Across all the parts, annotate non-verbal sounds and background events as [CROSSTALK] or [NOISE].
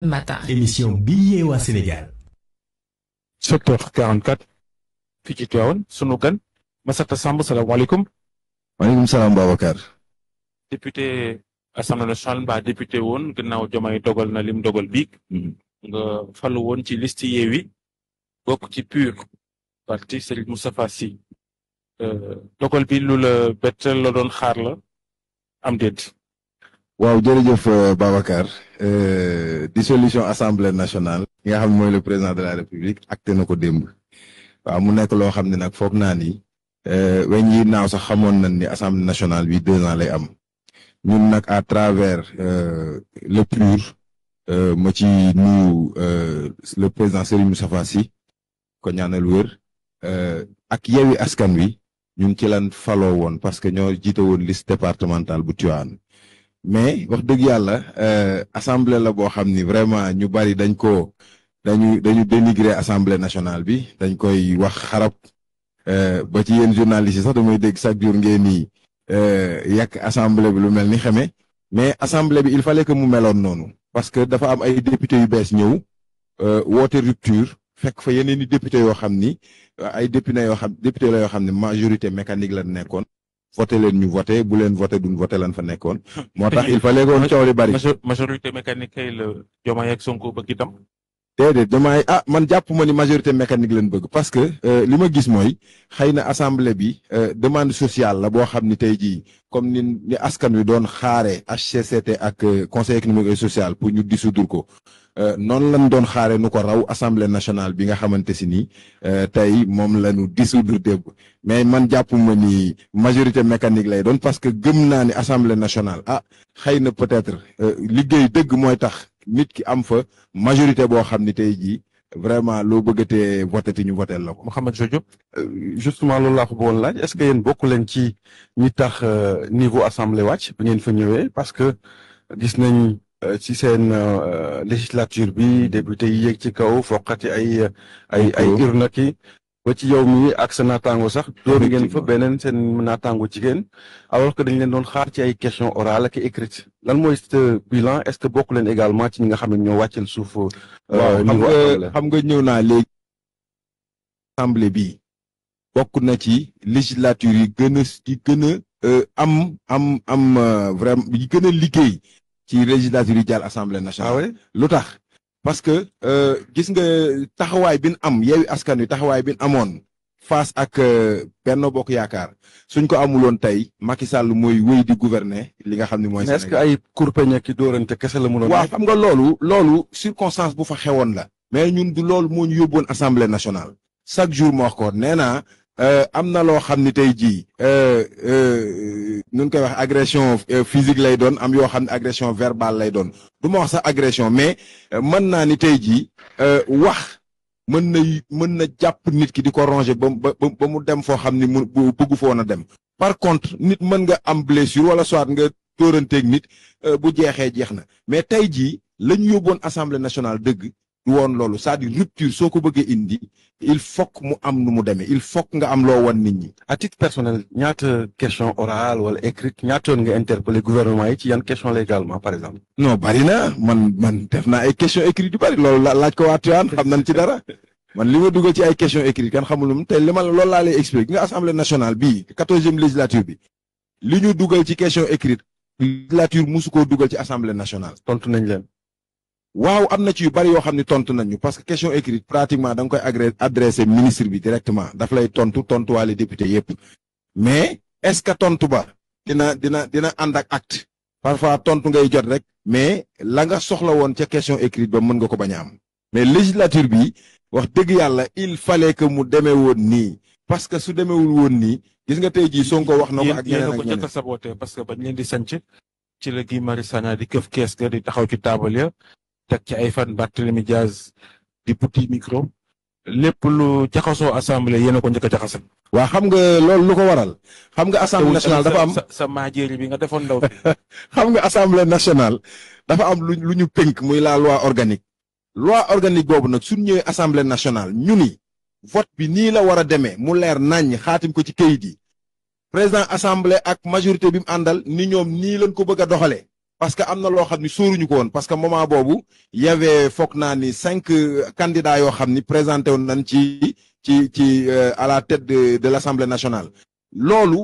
Matin. émission billet au Sénégal. Secteur 44. quarante quatre fii ci Tivaouane salam gan Massata alaikum salam maaleykum salaam Babacar. député assemblée nationale bah député Won, Gnao Diomaye Dogol, na lim dogal biig mm-hmm. nga falu qui ci liste Yewi, bokk ci PUR parti c'est Moustapha Sy euh, dogal bi lu le, bett la doon xaar la am waaw jërëjëf di euh, euh, dissolution assemblée nationale yi nga xam ne mooy le président de la république acté na ko démb waaw mu nekk loo xam ne nag foog naa ni euh, weñ naaw sax xamoon nañ ni assemblée nationale bi deux ans lay am ñun nag à travers le PUR ma ci nuyu le président Serigne Moustapha Sy ko ñaanal wér ak Yewwi Askan Wi ñun ci lan faloo woon parce que ñoo jiite woon liste départementale bu Tivaouane mais wax yalla euh assemblée la boo xam vraiment ñu bari dañ ko dañu dañu dénigrer assemblée nationale bi dañ koy wax xarab euh, ba ci yéen journalistes sax damay dégg chaque jour ngeen ni euh, yak assemblée bi lu melni xamé mais assemblée bi il fallait que mu meloon noonu parce que dafa am ay député yu ñew euh woote rupture fekk fa yeneeni i député yoo xam ay député yo xam député la yo xamni majorité mécanique la nekkoon voter leen ñu voté bu leen voté duñ voté lan fa nekkoon moo il fallait woon coow li bari majorité mécanique le la son groupe Sonko bëgg et des demain ah man jàpp ma ni majorité mécanique l'en bëgg parce que euh, li ma gis mooy xëy assemblée bi euh, demande sociale la boo xam dit tey comme ni ni askan wi doon xaare HCCT ak euh, conseil économique et social pour ñu dissoudre ko Euh, noonu lañ doon xaare nu ko raw assemblée nationale bi nga xamante si ni euh, tey moom la ñu dissoudre démb mais man jàppuma ni majorité mécanique lay doon parce que gëm naa ni assemblée nationale ah xëy na peut-être euh, liggéey dëgg mooy tax nit ki am fa majorité boo xam ni tey jii vraiment loo bëggatee voté ti ñu voté la ko. Mouhamed Diop justement loolu laa ko bëggoon laaj est-ce que yéen bokk leen ci ñi tax niveau assemblée wàcc bi ngeen fa ñëwee parce que gis nañ. ci seen euh, législature bi mm-hmm. député yi yéeg ci kaw foqati ay ay ay urne ki ba ci yow mi ak sa naataango sax dóor ngeen fa beneen seen naataango jigéen alors que dañ leen doon xaar ci ay question orale ak écrite lan mooy ce bilan est-ce que bokk leen également ci ñi nga xam ne ñoo wàcceel suuf euh, nga xam nga ñëw naa léegi bi bokk na ci législature yi gën a yi gën a euh, am am am vraiment yi gën a liggéey ci législature yi jàll assemblée nationale. Ah lu tax parce que euh, gis nga taxawaay bi ñu am yeewi askan wi taxawaay bi ñu amoon face ak euh, Benno Bokk Yaakaar suñ ko amuloon tey Macky Sall mooy wéy di gouverner li nga xam ni mooy. Sénégal que ay kurpeñ ki doorante kese la mënoon. waaw xam nga loolu loolu circonstance bu fa xewoon la. mais ñun du loolu moo ñu yóbboon assemblée nationale. chaque jour mo wax ko nee naa Euh, am na loo xam ni tey jii euh, euh, nun koy wax agression physique lay doon am yoo xam ne agression verbale lay doon du ma wax sax agression mais mën naa ni tey jii wax mën na mën na jàpp nit ki di ko ronger ba ba ba mu dem foo xam ni mu bugg foon a dem. par contre nit mën nga am blessure wala soit nga tóoranteeg nit bu jeexee jeex na mais tey jii la ñu yóbboon assemblée nationale dëgg. woon loolu cest à soo ko bëggee indi il faut mu am nu mu demee il faut nga am loo wan nit ñi. à titre personnel ñaata question orale wala écrite ñaata yoon nga interpellé gouvernement yi ci yan question la également par exemple. non bari na man man def naa ay question écrite yu bari loolu laaj ko waa Tivaouane xam nañ ci dara man li ma dugal ci ay question écrite kan xamul mu tey li ma loolu laa lay expliqué nga assemblée nationale bi li ñu dugal ci question écrite législature mosu koo dugal ci assemblée nationale. tontu nañ leen. waaw am na ci yu bari yoo xam ne tontu nañ ñu parce que question écrite pratiquement da nga koy adressé ministre bi directement daf lay tontu tontuwaale député yépp mais est ce que tontu ba dina dina dina ànd ak acte parfois tontu ngay jot rek mais la nga soxla woon ca question écrite ba mën nga ko bañ am mais législature bi wax dëgg yàlla il fallait que mu demee woon nii parce que su demewul woon nii gis nga tey jii Sonko wax na ko ak ñeneen ak ñeneen ko parce que bañ leen di sanc ci la Guy Marius Sagna di këf kees ga di taxaw ci table ya teg ci ay fan Barthélemy Diaz di putti micro lépp lu jaxasoo assemblée yéen a ko njëkk a jaxasal. waa xam nga loolu lu ko waral. xam nga assemblée nationale dafa am sa sa bi nga defoon ndaw. [LAUGHS] xam nga assemblée nationale dafa am lu lu ñu penk muy la loi organique. loi organique boobu nag suñ ñëwee assemblée nationale ñu ni vote bi nii la war a demee mu leer naññ xaatim ko ci kayit yi président assemblée ak majorité bi mu àndal ni ñoom nii lañ ko bëgg a doxalee. parce que amna lo xamni soruñu ko won parce que moment boobu y'avait foog naa ni 5 candidats yo xamni présenté won nañ ci ci ci euh, à la tête de de l'Assemblée nationale. lolu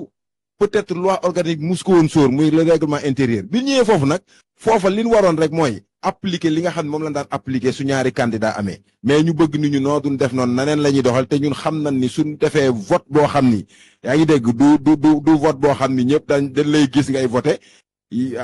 peut-être loi organique musko won sor muy le règlement intérieur bi ñëw fofu nak fofa liñ waron rek moy appliquer li nga xamni mom la daan appliquer su ñaari candidats amé mais ñu bëgg ni ñu noo duñ def non nanen lañuy doxal té ñun xam nañ ni suñ défé vote bo xamni ni ngi dégg du du du vote bo xamni ñëpp dañ lay gis ngay voter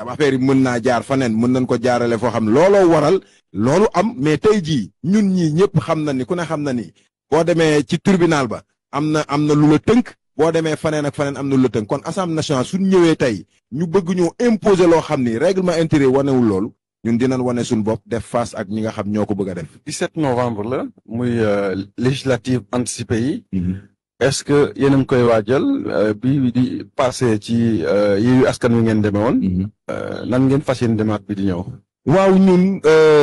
affaire yi mën naa jaar faneen mën nañ ko jaarale foo xam looloo waral loolu am mais tey jii ñun ñii ñëpp xam na ni ku ne xam na ni boo demee ci tribunal ba am na am na lu la tënk boo demee faneen ak faneen am na lu la tënk kon assemblée nationale suñ ñëwee tey ñu bëgg ñu imposer loo xam ni règlement intérieur wanewul loolu ñun dinañ wane suñu bopp def face ak ñi nga xam ñoo ko bëgg a def. 17 novembre la muy euh, législative anticipée yi. Mm-hmm. est-ce que yéen koy waajal euh, bi di passé ci euh, Yewwi Askan Wi ngeen demee woon. Mhm. Euh, nan ngeen fas yéene demaat bi di ñëw. waaw ñun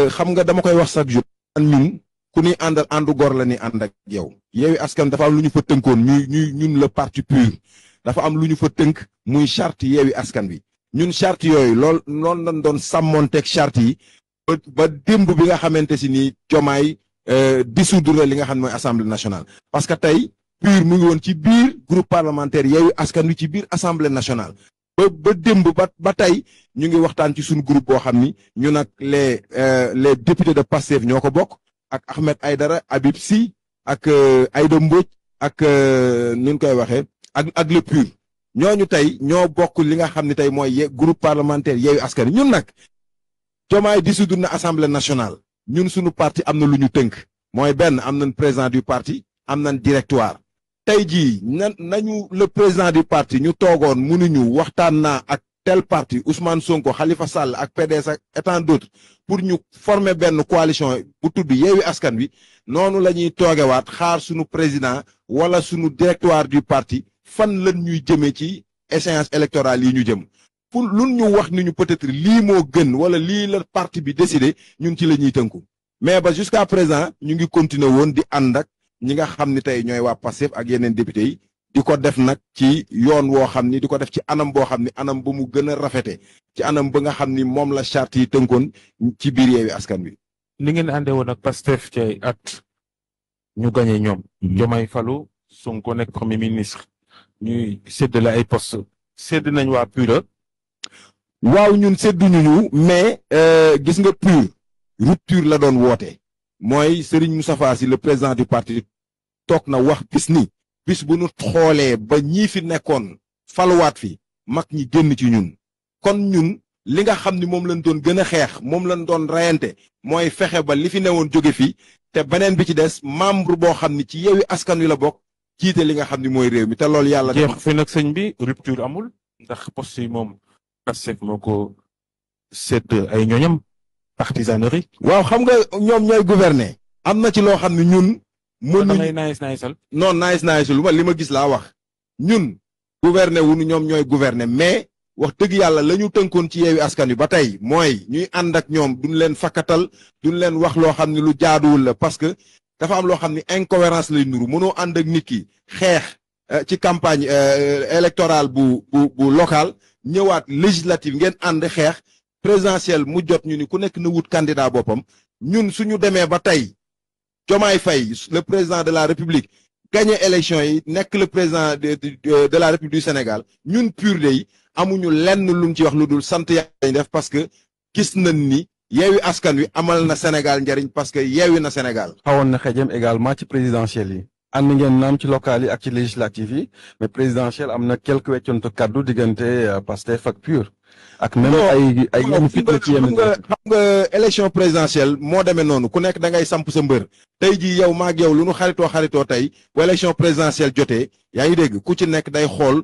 xam nga dama koy wax chaque jour. ñun ku ni àndal àndu gor la ni ànd ak yow. Askan dafa am lu ñu fa tënkoon ñuy ñuy ñun le parti pur dafa am lu ñu fa tënk muy charte Yewwi Askan bi ñun charte yooyu lool noonu lañ doon sàmmonteeg charte yi. ba démb bi nga xamante si ni jomaay dissoudre li nga xam mooy assemblée nationale. parce que tey bir mu ngi won ci bir groupe parlementaire yeewu askan wi ci bir assemblée nationale ba ba demb ba ba tey ñu ngi waxtaan ci sun groupe bo xamni ñu nak les euh, les députés de Pastef ñoko bok ak Ahmed aidara Habib si ak euh, Aïda ak euh, nu ñu koy waxe ak ak le pur ñooñu tay ñoo bok li nga xamni tay moy ye, groupe parlementaire yeewu askan ñun nak jomaay dissoudre na assemblée nationale ñun suñu parti am luñu teunk moy ben amna président du parti am directoire tey le président du parti ñu Togon, mënuñu waxtaan naa tel parti Ousmane Sonko Khalifa Sall ak PDS ak et tant d'autres pour ñu former benn coalition bu tudd Yewwi Askan Wi noonu la ñuy toogewaat xaar suñu président wala suñu directoire du parti fan lan ñuy jëmee ci échéance électorale yi ñu jëm pour lu wax ni peut-être lii moo gën wala parti bi décidé ñun ci la ñuy mais ba jusqu'à présent ñu ngi continuer woon di ñi nga xam ni tey ñooy waa Pastef ak yeneen député yi di ko def nag ci yoon woo xam ni di ko def ci anam boo xam ni anam ba mu gën a rafete ci anam ba nga xam ni moom la charte yi tënkoon ci biir yeewi askan wi. ni ngeen àndee woon ak Pastef ci ay at ñu gañe ñoom. Mm-hmm. Diomaye Fallou Sonko nekk premier ministre. ñuy séddale ay post sédd nañ waa PUR. waaw ñun sédduñu ñu mais euh, gis nga PUR rupture la doon woote. mooy mu Moustapha Sy le président du parti toog na wax bis ni bis bu nu xoolee ba ñii fi nekkoon faluwaat fi mag ñi génn ci ñun kon ñun li nga xam ni moom lañ doon gën a xeex moom lañ doon reyante mooy fexe ba li fi newoon jóge fi te beneen bi ci des membre boo xam ni ci Yewwi Askan Wi la bokk jiite li nga xam ni mooy réew mi te loolu yàlla jeex fi nag sëñ bi rupture amul ndax post yi moom Pastef moo ko sédd ay ñoñam partisanerie. waaw xam nga ñoom ñooy gouverner. am na ci loo xam ne ñun. mënuñ noon naaj naaj lu ma li ma gis laa wax. ñun gouverner wuñu ñoom ñooy gouverner mais. wax dëgg yàlla la ñu tënkoon ci yeewi askan wi ba tey mooy ñuy ànd ak ñoom duñ leen fakkatal duñ leen wax loo xam ne lu jaaduwul la parce que dafa am loo xam ne incohérence lay nuru mënoo ànd ak nit xeex euh, ci campagne euh, électorale bu bu bu locale ñëwaat législative ngeen ànd xeex. présidentiel, mu jot ñu ni ku nek na wut candidat bopam ñun suñu démé ba tay jomay fay le président de la République gagné élection yi nek le président de de la République du Sénégal ñun pur dé yi amuñu lenn luñ ci wax lu dul sant def parce que gis nañ ni yeewi askan wi amal na Sénégal ndariñ parce que yeewi na Sénégal. xawoon na xëjëm également ci présidentiel yi. ànd ngeen naam ci local yi ak ci législative yi mais présidentielle am na quelque weccanto kaddu diggante euh, Pastef ak PUR ak même ay ay yenn fitna ci nga xam nga présidentielle moo demee noonu ku nekk dangay samp sa mbër tey jii yow mag yow lu nu xaritoo xaritoo tey bu élection présidentielle jotee yaa ngi dégg ku ci nekk day xool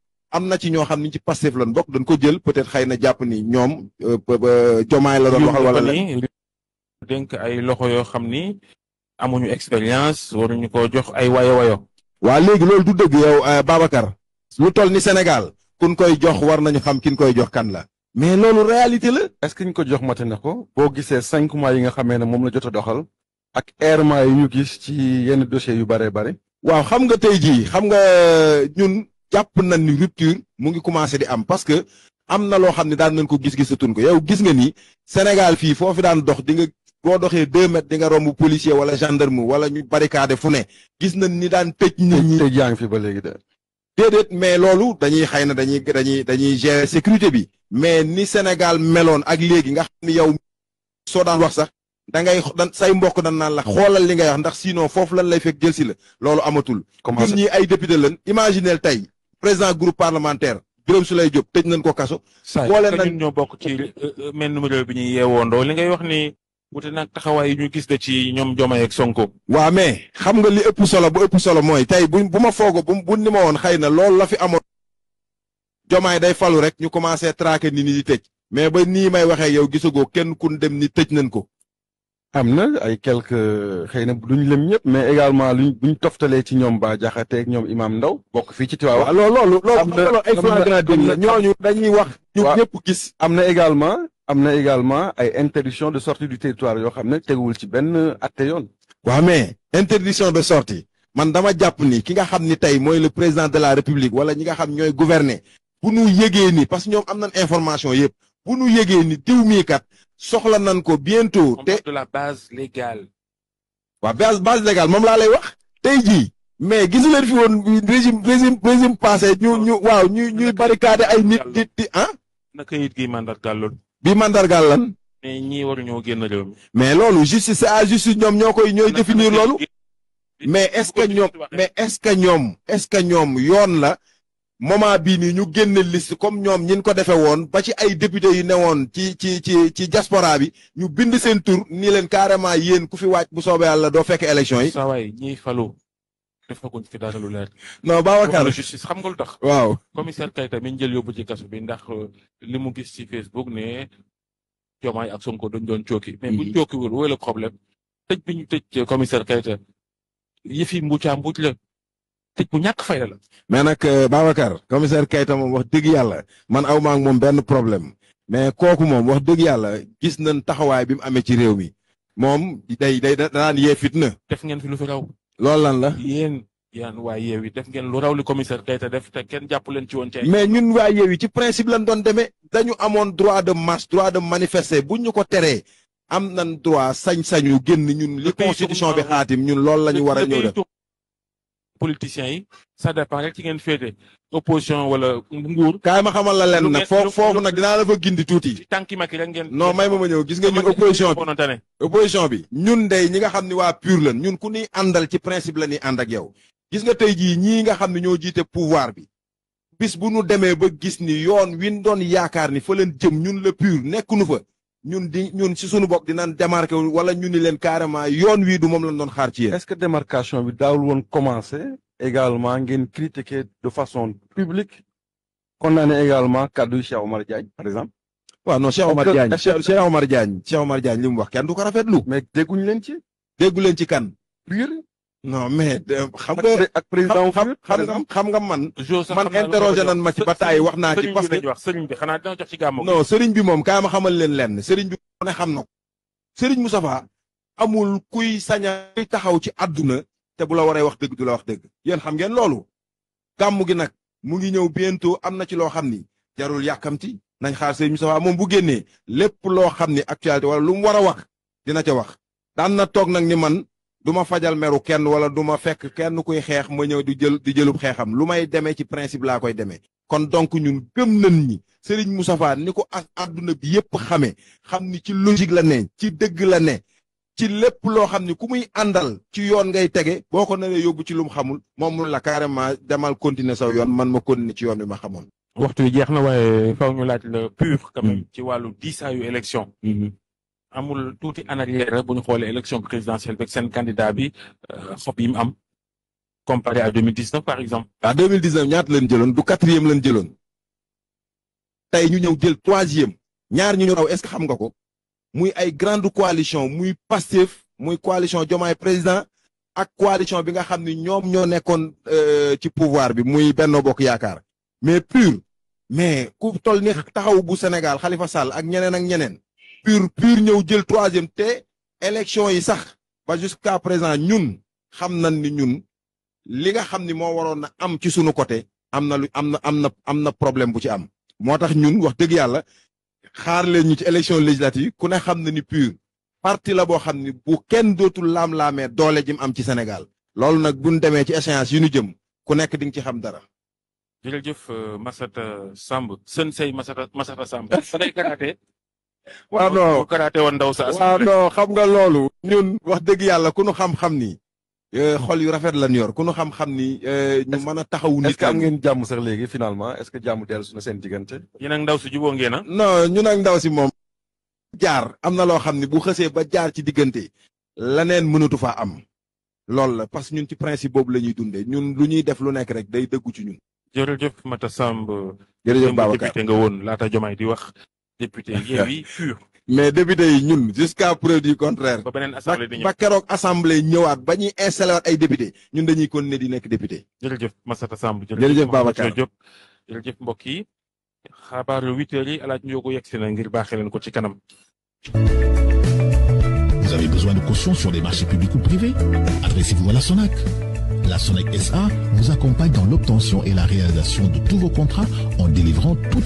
am na ci ñoo xam ni ci Pastef lan bokk dañ ko jël peut-être xëy na jàpp ni ñoom euh, jomaay la doon waxal wala la dénk ay loxo yoo xam ni amuñu expérience ñu ko jox ay wayo wayo waa léegi loolu du dëgg yow euh, Babacar lu toll ni Sénégal kun koy jox war nañu xam kin koy jox kan la mais loolu réalité la est-ce que ñu ko jox mate na ko boo gisee cinq mois yi nga xamee ne moom la jot a doxal ak errements yi ñu gis ci yenn dossiers yu bare bare waaw xam nga tey jii xam nga euh, jàpp nañ ni rupture mu ngi commencé di am parce que am na loo xam ne daan nañ ko gis tun ko yow gis nga nii Sénégal fii foo fi daan dox di nga boo doxee deux mètres di nga romb policier wala gendarme wala ñu barricade fu ne gis nañ ni daan tëj nit ñi. tëj ba léegi de. déedéet mais loolu dañuy xëy na dañuy dañuy dañuy gérer sécurité bi mais ni Sénégal meloon ak léegi nga xam ni yow soo daan wax sax da ngay say mbokk dan naan la xoolal li nga wax ndax sinon foofu lan lay fekk jël si la loolu amatul. commencé ñi ay député lañ imaginel tey président groupe parlementaire si lay Diop tëj nañ ko kaso. boole nañ ñoo bokk ci euh, euh, même numéro bi ñuy yeewoondoo li ngay wax ni. wute nag taxawaay yi ñu gis da ci ñoom Diomaye ak Sonko. waa mais xam nga li ëpp solo ba ëpp solo mooy tey bu bu ma foogoo bu bu ni ma woon xëy na loolu la fi amoon. Diomaye day falu rek ñu commencé traquer ni ñi di tëj. mais ba nii may waxee yow gisagoo kenn kun dem ni tëj nañ ko. amna ay quelques xëy na duñ lëm ñëpp mais également luñ buñ toftalee ci ñom ba Diakhaté ak ñom Imam ndaw bok fi ci Tivaouane. am na loolu loolu ay flanc gën a dañuy wax. ñu ñep gis amna également amna également ay interdiction de sortie du territoire yo xam ne ci ben atte yoon. waaw mais interdiction de sortie man dama japp ni ki nga xamni tay moy le président de la république wala ñi nga xam ñoy gouverner bu ñu yégué ni parce ñom amna information yépp bu ñu yégué ni diw mii kat. soxla nañ ko bientôt. te de la base légale. waaw base base légale moom laa lay wax. tey jii mais gisu leen fi woon régime régime régime passé ñu ñu waaw ñuy ñuy barricade ay nit nit di ah. na kayit gi loolu. bi mandargaal lan. mais ñii war ñoo génn réew mi. mais loolu à ah, ñoom ñoo koy ñooy définir loolu. mais est-ce que ñoom mais est-ce que ñoom est-ce que ñoom yoon la. moment bii nii ñu génne liste comme ñoom ñin ko defee woon ba ci ay député yi newoon ci ci ci ci diaspora bi ñu bind seen tur nii leen carrément yéen ku fi wàcc bu soobee yàlla doo fekk élection yi. saa waay ñiy falu defaguñ fi dara lu leer. non Babacar justice xam nga lu tax. waaw commissaire Keita mi jël yóbbu ci kaso bi ndax euh, li mu gis ci Facebook ne Diomaye ak Sonko dañ doon cooki. mais buñ mm-hmm. cookiwul wala problème tëj bi ñu tëj euh, commissaire Keita yëfi mbuucaa mbuuc la. tëj bu ñak fayda la. mais nak eh, babakar commissaire kayta mom wax deug yalla man awma ak mom ben problème mais koku mom wax deug yalla gis nañ taxaway bi mu amé ci réew mi mom day day danaan yé fitna. def ngeen fi lu fi raw. loolu lan la yeen yaan waa yewi def ngeen lu raw li commissaire kayta def te kenn japp leen ci won woon. mais ñun waa yewi ci principe lañ doon démé dañu amone droit de marche droit de manifester buñ ñu ko teree am nañ droit sañ-sañu genn ñun. li constitution bi xatim ñun loolu lañu wara ñëw def politiciens yi ça dépend rek ci ngeen féete opposition wala nguur. kaay ma xamal la leen nag foofu nag dinaa la fa gindi tuuti. tànki Macky rek ngeen. non may ma ma ñëw gis nga ñun opposition bi opposition bi. ñun day ñi nga xam ni waa PUR lan ñun ku ñuy àndal ci principe la ñuy ànd ak yow. gis nga tey jii ñii nga xam ne ñoo jiite pouvoir bi. bis bu nu demee ba gis ni yoon win doon yaakaar ni fa leen jëm ñun la PUR nekkuñu fa. ñun di ñun si suñu bopp dinañ démarqué wala ñu ni leen carrément yoon wii du moom lañ doon xaar ci yéen. est-ce que démarcation bi daawul woon commencé également ngeen critiquer de façon publique kon naa ne également kaddu Cheikh Omar Diagne par exemple. waaw no Cheikh Omar Diagne Cheikh Omar Diagne Cheikh Omar Diagne mu wax kenn du ko rafetlu. mais dégguñu leen ci. déggu leen ci kan. pur non mais euh, xam nga ak président xam xam xam nga man. man interroger nan ma ci ba taay wax naa ci parce que sëriñ bi xanaa dina moom kaay ma xamal leen lenn sëriñ bi ku ne xam na ko. sëriñ Moustapha amul kuy saña kuy taxaw ci àdduna te bu la waree wax dëgg du la wax dëgg yéen xam ngeen loolu. gàmmu gi nag mu ngi ñëw bientôt am na ci loo xam ni jarul yàkkamti nañ xaar sëriñ Moustapha moom bu génnee lépp loo xam ni actualité wala lu mu war a wax dina ca wax daan na toog nag ni man. duma ma fajal meru kenn wala duma fekk kenn kuy xeex ma ñëw di jël di jëlub xeexam lu may demee ci principe la koy demee kon donc ñun gëm nañ ni Serigne Moustapha niko aduna bi yépp xamé xamni ci logique la né ci dëgg la né ci lépp loo xam ni ku muy àndal ci yoon ngay tege boo ko naree yóbbu ci lum xamul moom mun la carrément demal continuer saw yoon man ma continuer ci yoon bi ma xamoon. waxtu yi jeex na waaye faw ñu laaj la pur quand même mm. ci wàllu diisaayu élection. Mm-hmm amul touti en arrière buñ xolé élection présidentielle avec sen candidat bi euh, xob yi am comparé à 2019 par exemple. à 2019 ñaat leen jëloon du quatrième leen jëloon tay ñu ñëw jël troisième ñaar ñu ñu raw est-ce xam nga ko muy ay grande coalition muy passif, muy coalition jomay président ak coalition bi nga xamni ñom ñoom ñoo euh, ci pouvoir bi muy Benno Bokk yaakar mais pur mais ku toll ni taxaw bu Sénégal Khalifa Sall ak ñeneen ak ñeneen pur pur ñëw jël troisième té élection yi sax ba jusqu'à présent ñun xam nañ ni ñun li nga xam ni moo waroon na am ci suñu côté amna na amna am na am na am na problème bu ci am motax ñun wax dëgg yalla xaar leen ñu ci élection législative ku ne xam na ni pur parti la bo xam ni bu kenn dootul lam lamé doole ji am ci Sénégal loolu nak buñ démé ci essence yi ñu jëm ku nekk di ci xam dara jërëjëf euh, Massata Samb masata say Massata Massata karaté [LAUGHS] waaw non bu karaté woon ndaw sa waaw non xam nga loolu ñun wax dëgg yàlla ku nu xam-xam ni euh, hmm. xol yu rafet lañ yor ku nu xam-xam ni euh, ñu mën a taxawu nit est-ce am ngeen jàmm sax léegi finalement est-ce que jàmm dellu na seen diggante yéen ak ndaw si juboo ngeen a ah? non ñun ak ndaw si moom jaar am na loo xam ne bu xësee ba jaar ci diggante laneen mënatu faa am loolu la parce que ñun ci principe boobu la ñuy dundee ñun lu ñuy def lu nekk rek day dëggu ci ñun jërëjëf Mata Samb jërëjëf Babacar nga woon laata jomaay di wax député [LAUGHS] yi pur mais député yi ñun jusqu'à preuve du contraire ba keroog assemblée ñëwaat ba ñuy installé ay député ñun dañuy continuer di nekk député jël jëf jërëjëf Massata Samb jërëjëf Babacar jël jëf mbokk yi xabar xabaaru huit heures yi alaaj Ndiogou yegsi na ngir baxé leen ko ci kanam Vous avez besoin de caution sur des marchés publics ou privés Adressez-vous à la SONAC. La SONAC SA vous accompagne dans l'obtention et la réalisation de tous vos contrats en délivrant tout